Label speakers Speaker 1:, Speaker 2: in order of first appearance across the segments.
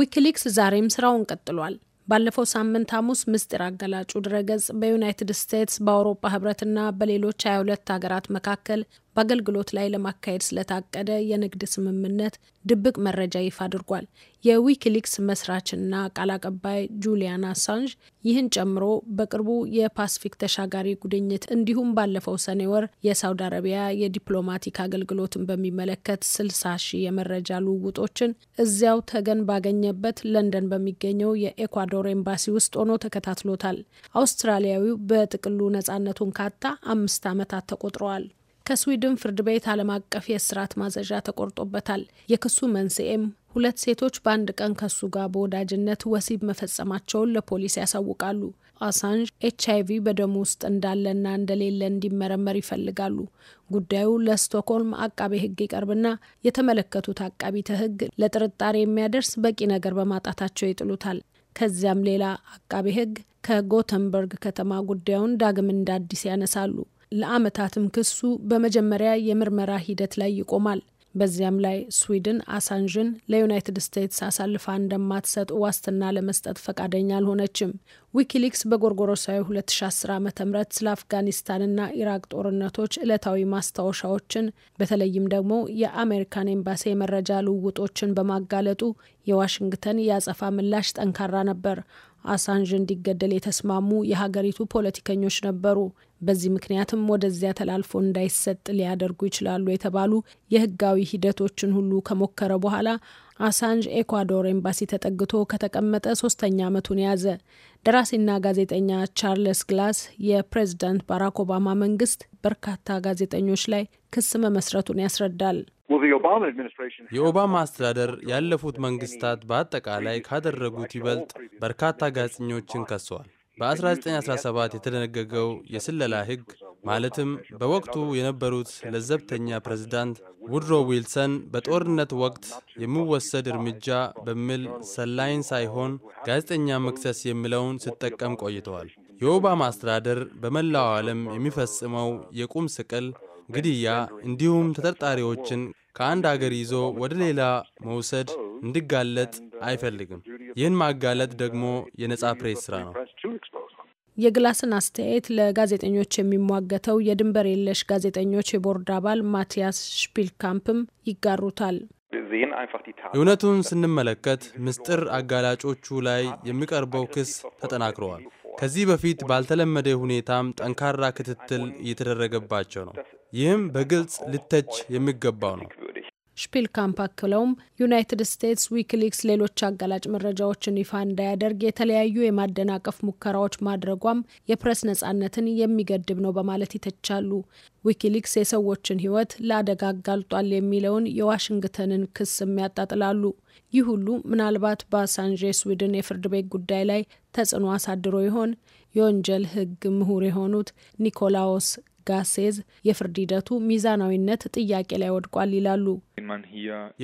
Speaker 1: ዊኪሊክስ ዛሬም ስራውን ቀጥሏል። ባለፈው ሳምንት ሐሙስ ምስጢር አገላጩ ድረገጽ በዩናይትድ ስቴትስ በአውሮፓ ህብረትና በሌሎች 22 ሀገራት መካከል በአገልግሎት ላይ ለማካሄድ ስለታቀደ የንግድ ስምምነት ድብቅ መረጃ ይፋ አድርጓል። የዊኪሊክስ መስራችና ቃል አቀባይ ጁሊያን አሳንጅ ይህን ጨምሮ በቅርቡ የፓስፊክ ተሻጋሪ ጉድኝት እንዲሁም ባለፈው ሰኔ ወር የሳውዲ አረቢያ የዲፕሎማቲክ አገልግሎትን በሚመለከት ስልሳ ሺህ የመረጃ ልውውጦችን እዚያው ተገን ባገኘበት ለንደን በሚገኘው የኤኳዶር ኤምባሲ ውስጥ ሆኖ ተከታትሎታል። አውስትራሊያዊው በጥቅሉ ነጻነቱን ካጣ አምስት ዓመታት ተቆጥረዋል። ከስዊድን ፍርድ ቤት ዓለም አቀፍ የእስራት ማዘዣ ተቆርጦበታል። የክሱ መንስኤም ሁለት ሴቶች በአንድ ቀን ከሱ ጋር በወዳጅነት ወሲብ መፈጸማቸውን ለፖሊስ ያሳውቃሉ። አሳንጅ ኤች አይቪ በደሙ ውስጥ እንዳለና እንደሌለ እንዲመረመር ይፈልጋሉ። ጉዳዩ ለስቶክሆልም አቃቤ ሕግ ይቀርብና የተመለከቱት አቃቢተ ሕግ ለጥርጣሬ የሚያደርስ በቂ ነገር በማጣታቸው ይጥሉታል። ከዚያም ሌላ አቃቤ ሕግ ከጎተንበርግ ከተማ ጉዳዩን ዳግም እንደ አዲስ ያነሳሉ። ለአመታትም ክሱ በመጀመሪያ የምርመራ ሂደት ላይ ይቆማል። በዚያም ላይ ስዊድን አሳንዥን ለዩናይትድ ስቴትስ አሳልፋ እንደማትሰጥ ዋስትና ለመስጠት ፈቃደኛ አልሆነችም። ዊኪሊክስ በጎርጎሮሳዊ 2010 ዓ ም ስለ አፍጋኒስታንና ኢራቅ ጦርነቶች ዕለታዊ ማስታወሻዎችን በተለይም ደግሞ የአሜሪካን ኤምባሲ የመረጃ ልውውጦችን በማጋለጡ የዋሽንግተን የአጸፋ ምላሽ ጠንካራ ነበር። አሳንዥ እንዲገደል የተስማሙ የሀገሪቱ ፖለቲከኞች ነበሩ። በዚህ ምክንያትም ወደዚያ ተላልፎ እንዳይሰጥ ሊያደርጉ ይችላሉ የተባሉ የህጋዊ ሂደቶችን ሁሉ ከሞከረ በኋላ አሳንጅ ኤኳዶር ኤምባሲ ተጠግቶ ከተቀመጠ ሶስተኛ ዓመቱን የያዘ ደራሲና ጋዜጠኛ ቻርለስ ግላስ የፕሬዝዳንት ባራክ ኦባማ መንግስት በርካታ ጋዜጠኞች ላይ ክስ መመስረቱን ያስረዳል።
Speaker 2: የኦባማ አስተዳደር ያለፉት መንግስታት በአጠቃላይ ካደረጉት ይበልጥ በርካታ ጋዜጠኞችን ከሰዋል። በ1917 የተደነገገው የስለላ ሕግ ማለትም በወቅቱ የነበሩት ለዘብተኛ ፕሬዝዳንት ውድሮ ዊልሰን በጦርነት ወቅት የሚወሰድ እርምጃ በሚል ሰላይን ሳይሆን ጋዜጠኛ መክሰስ የሚለውን ሲጠቀም ቆይተዋል። የኦባማ አስተዳደር በመላው ዓለም የሚፈጽመው የቁም ስቅል፣ ግድያ እንዲሁም ተጠርጣሪዎችን ከአንድ አገር ይዞ ወደ ሌላ መውሰድ እንዲጋለጥ አይፈልግም። ይህን ማጋለጥ ደግሞ የነጻ ፕሬስ ስራ ነው።
Speaker 1: የግላስን አስተያየት ለጋዜጠኞች የሚሟገተው የድንበር የለሽ ጋዜጠኞች የቦርድ አባል ማቲያስ ሽፒልካምፕም ይጋሩታል።
Speaker 2: እውነቱን ስንመለከት ምስጢር አጋላጮቹ ላይ የሚቀርበው ክስ ተጠናክረዋል። ከዚህ በፊት ባልተለመደ ሁኔታም ጠንካራ ክትትል እየተደረገባቸው ነው። ይህም በግልጽ ሊተች የሚገባው ነው።
Speaker 1: ሽፒልካምፕ አክለውም ዩናይትድ ስቴትስ ዊኪሊክስ ሌሎች አጋላጭ መረጃዎችን ይፋ እንዳያደርግ የተለያዩ የማደናቀፍ ሙከራዎች ማድረጓም የፕሬስ ነጻነትን የሚገድብ ነው በማለት ይተቻሉ። ዊኪሊክስ የሰዎችን ሕይወት ለአደጋ አጋልጧል የሚለውን የዋሽንግተንን ክስም ያጣጥላሉ። ይህ ሁሉ ምናልባት በአሳንዥ ስዊድን የፍርድ ቤት ጉዳይ ላይ ተጽዕኖ አሳድሮ ይሆን? የወንጀል ሕግ ምሁር የሆኑት ኒኮላዎስ ጋሴዝ የፍርድ ሂደቱ ሚዛናዊነት ጥያቄ ላይ ወድቋል ይላሉ።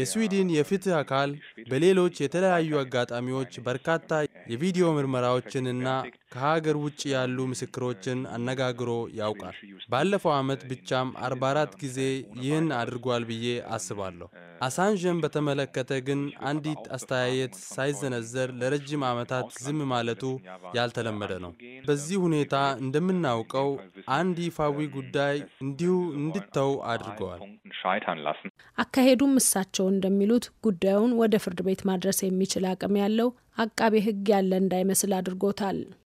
Speaker 2: የስዊድን የፍትህ አካል በሌሎች የተለያዩ አጋጣሚዎች በርካታ የቪዲዮ ምርመራዎችንና ከሀገር ውጭ ያሉ ምስክሮችን አነጋግሮ ያውቃል። ባለፈው ዓመት ብቻም 44 ጊዜ ይህን አድርጓል ብዬ አስባለሁ። አሳንዥን በተመለከተ ግን አንዲት አስተያየት ሳይዘነዘር ለረጅም ዓመታት ዝም ማለቱ ያልተለመደ ነው። በዚህ ሁኔታ እንደምናውቀው አንድ ይፋዊ ጉዳይ እንዲሁ እንድተው አድርገዋል። scheitern lassen።
Speaker 1: አካሄዱም እሳቸው እንደሚሉት ጉዳዩን ወደ ፍርድ ቤት ማድረስ የሚችል አቅም ያለው አቃቤ ሕግ ያለ እንዳይመስል አድርጎታል።